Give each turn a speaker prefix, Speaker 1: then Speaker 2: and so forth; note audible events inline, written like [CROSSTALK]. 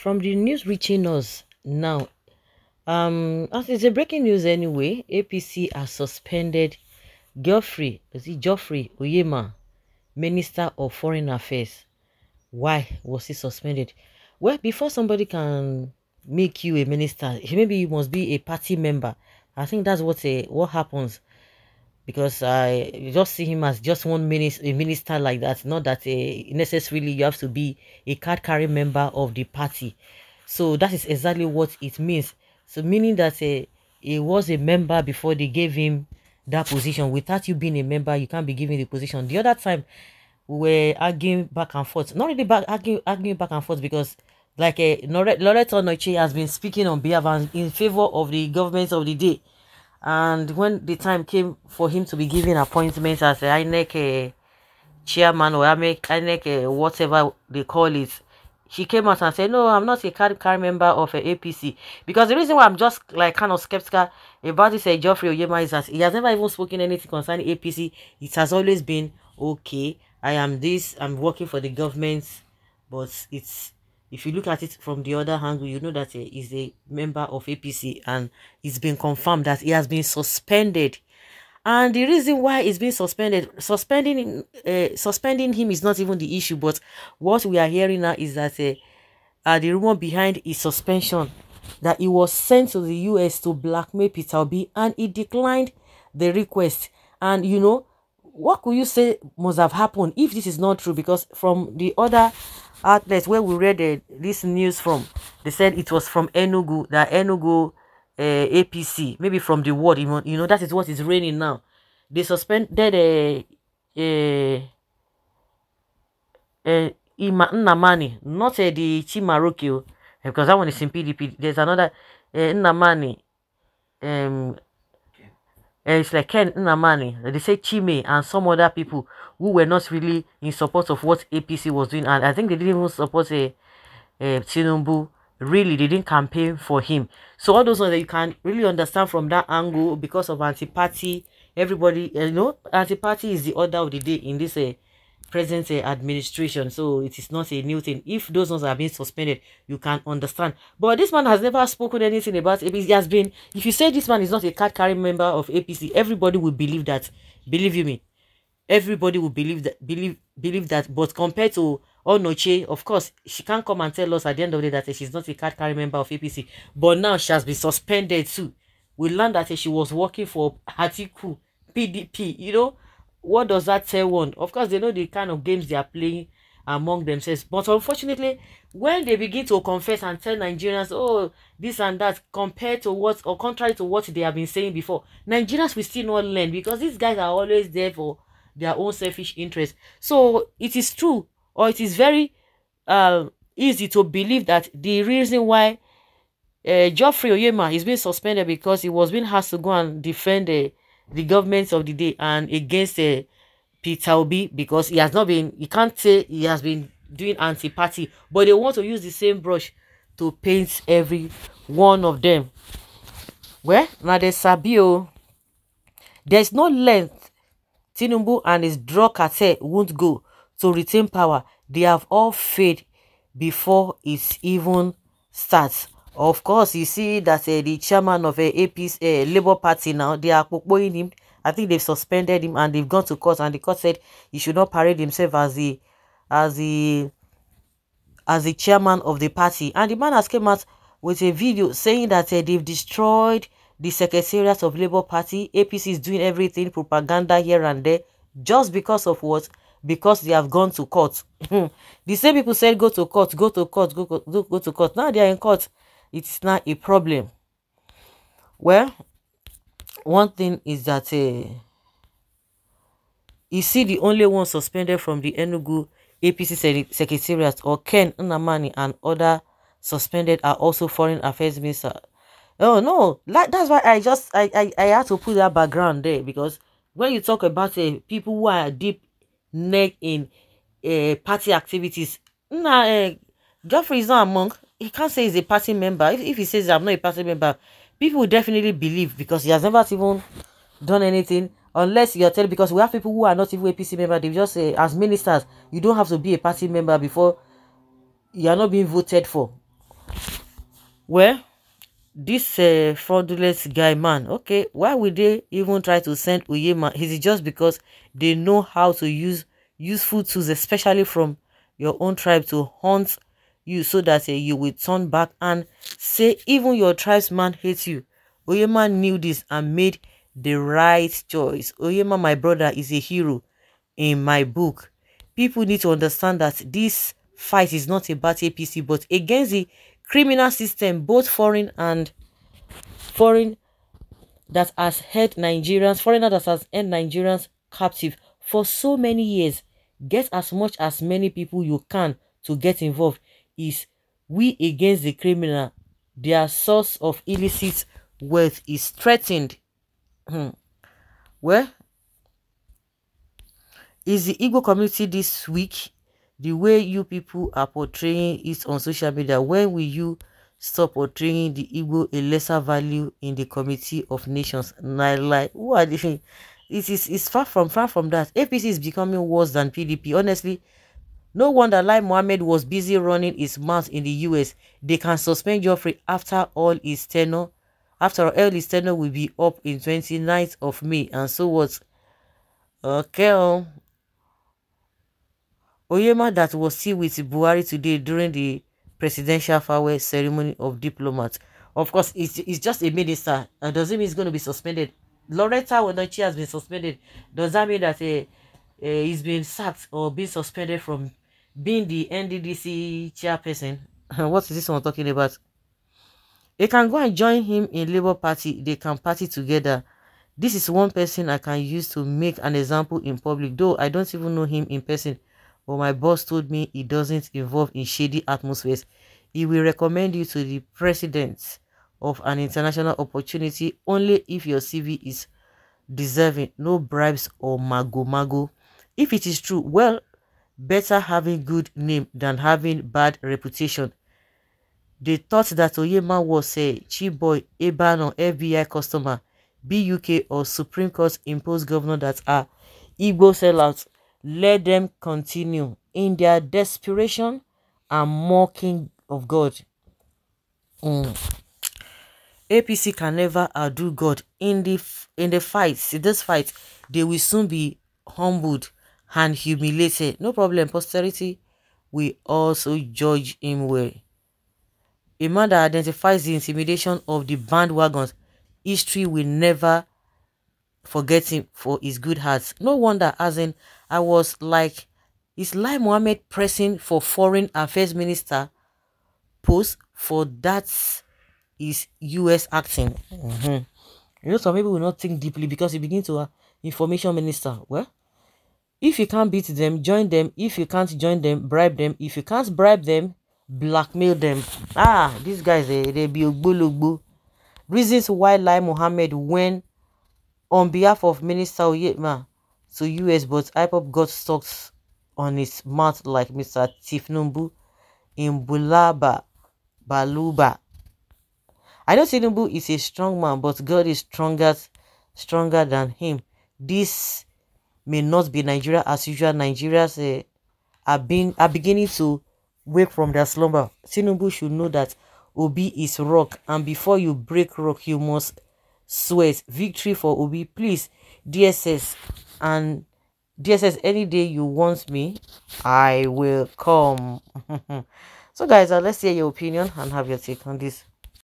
Speaker 1: from the news reaching us now um as it's a breaking news anyway apc has suspended geoffrey is it geoffrey oyema minister of foreign affairs why was he suspended well before somebody can make you a minister maybe you must be a party member i think that's what a, eh, what happens because I just see him as just one minister, a minister like that. Not that uh, necessarily you have to be a card carrying member of the party. So that is exactly what it means. So meaning that uh, he was a member before they gave him that position. Without you being a member, you can't be given the position. The other time, we were arguing back and forth. Not really back arguing, arguing back and forth because like uh, eh, Loreto Noche has been speaking on behalf and in favor of the government of the day and when the time came for him to be given appointments as the INEC eh, chairman or INEC eh, whatever they call it, she came out and said, No, I'm not a card member of eh, a APC. Because the reason why I'm just like kind of skeptical about this uh, Geoffrey Oyema is that he has never even spoken anything concerning APC. It has always been okay. I am this, I'm working for the government, but it's if you look at it from the other angle, you know that he is a member of APC and it's been confirmed that he has been suspended. And the reason why he's been suspended, suspending, uh, suspending him is not even the issue. But what we are hearing now is that uh, uh, the rumor behind his suspension that he was sent to the US to blackmail Peter Obi and he declined the request. And you know, what could you say must have happened if this is not true? Because from the other outlets where we read this news from, they said it was from Enugu, that Enugu uh, eh, APC, maybe from the ward, you know, that is what is raining now. They suspended a uh, eh, uh, eh, uh, Ima not uh, the Chimarokio, oh, because that one is in PDP. There's another uh, um, and eh, it's like Ken Namani, they say Chime and some other people who were not really in support of what APC was doing. And I think they didn't even support a, eh, a eh, Tinumbu. Really, they didn't campaign for him. So all those ones that you can really understand from that angle because of anti-party, everybody, you know, anti-party is the order of the day in this uh, present administration. So it is not a new thing. If those ones are being suspended, you can understand. But this man has never spoken anything about it He has been, if you say this man is not a card carrying member of APC, everybody will believe that. Believe you me. Everybody will believe that believe believe that. But compared to Onoche, of course, she can't come and tell us at the end of the day that she's not a card carrying member of APC. But now she has been suspended too. We learned that she was working for Hatiku, PDP, you know what does that tell one? Of course, they know the kind of games they are playing among themselves. But unfortunately, when they begin to confess and tell Nigerians, oh, this and that, compared to what or contrary to what they have been saying before, Nigerians will still not learn because these guys are always there for their own selfish interest. So it is true, or it is very uh, easy to believe that the reason why uh, Geoffrey Oyema is being suspended because he was being asked to go and defend the the government of the day and against uh, Peter Obi because he has not been, you can't say he has been doing anti-party, but they want to use the same brush to paint every one of them. Well, now there's Sabio. There's no length Tinubu and his drug cartel won't go to retain power. They have all failed before it even starts. Of course, you see that uh, the chairman of eh, a uh, APC, uh, Labour Party now, they are pokpoing him. I think they've suspended him and they've gone to court and the court said he should not parade himself as the as the as the chairman of the party. And the man has came out with a video saying that uh, they've destroyed the secretariat of Labour Party. APC is doing everything, propaganda here and there, just because of what? Because they have gone to court. [LAUGHS] the same people said go to court, go to court, go, go, go to court. Now they are in court. It's not a problem well one thing is that uh, is he the only one suspended from the enugu apc secretariat or ken nnamani and other suspended are also foreign affairs minister oh no that, that's why i just I, I i had to put that background there because when you talk about uh, people who are deep neck in uh, party activities nah uh, eh, Geoffrey is not among he can't say he's a party member. If, if he says I'm not a party member, people will definitely believe because he has never even done anything unless you're telling because we have people who are not even APC member, they just say as ministers, you don't have to be a party member before you are not being voted for. Well, this uh, fraudulent guy man, okay, why would they even try to send Uyema? Is it just because they know how to use useful tools, especially from your own tribe, to hunt you so that uh, you will turn back and say even your tribesman hates you. Oyema knew this and made the right choice. Oyema, my brother, is a hero in my book. People need to understand that this fight is not about APC, but against the criminal system, both foreign and foreign that has held Nigerians, foreigner that has held Nigerians captive for so many years. Get as much as many people you can to get involved is we against the criminal. Their source of illicit wealth is threatened. Hmm. Where is the Igbo community this week the way you people are portraying it on social media? When will you stop portraying the Igbo a lesser value in the Committee of Nations? Like, who are they? It is it's far from far from that. APC is becoming worse than PDP. Honestly, No wonder Lai Mohammed was busy running his mouth in the US. They can suspend Geoffrey after all his tenure. After all his tenure will be up in 29th of May. And so what? Okay. Um, Oyema that was seen with Buhari today during the presidential farewell ceremony of diplomats. Of course, it's, it's just a minister. And uh, doesn't mean he's going to be suspended. Loretta Wenochi has been suspended. Does that mean that uh, uh, he's been sacked or been suspended from being the NDDC chairperson, [LAUGHS] what is this one talking about? They can go and join him in Labour Party. They can party together. This is one person I can use to make an example in public, though I don't even know him in person. But my boss told me he doesn't involve in shady atmospheres. He will recommend you to the president of an international opportunity only if your CV is deserving, no bribes or mago mago. If it is true, well, better having good name than having bad reputation. They thought that Oyema was a cheap boy, a ban on FBI customer, BUK or Supreme Court imposed governor that are Igbo sellouts. Let them continue in their desperation and mocking of God. Mm. APC can never outdo God in the in the fight. In this fight, they will soon be humbled and humiliated. No problem, posterity will also judge him well. A man that identifies the intimidation of the bandwagons, history will never forget him for his good heart. No wonder, as in, I was like, is Lai Mohammed pressing for foreign affairs minister post for that is U.S. acting? Mm -hmm. You know, some people will not think deeply because you begin to uh, information minister. Well, If you can't beat them, join them. If you can't join them, bribe them. If you can't bribe them, blackmail them. Ah, these guys, they, eh, they be ogbulugbu. Reasons why lie Muhammad went on behalf of Minister Yetma to US, but IPOP got stuck on his mouth like Mr. Tifnumbu in Bulaba, Baluba. I know Tifnubu is a strong man, but God is stronger, stronger than him. This may not be Nigeria as usual. Nigerians uh, are being are beginning to wake from their slumber. Tinubu should know that Obi is rock, and before you break rock, you must sweat. Victory for Obi, please, DSS, and DSS. Any day you want me, I will come. [LAUGHS] so, guys, uh, let's hear your opinion and have your take on this.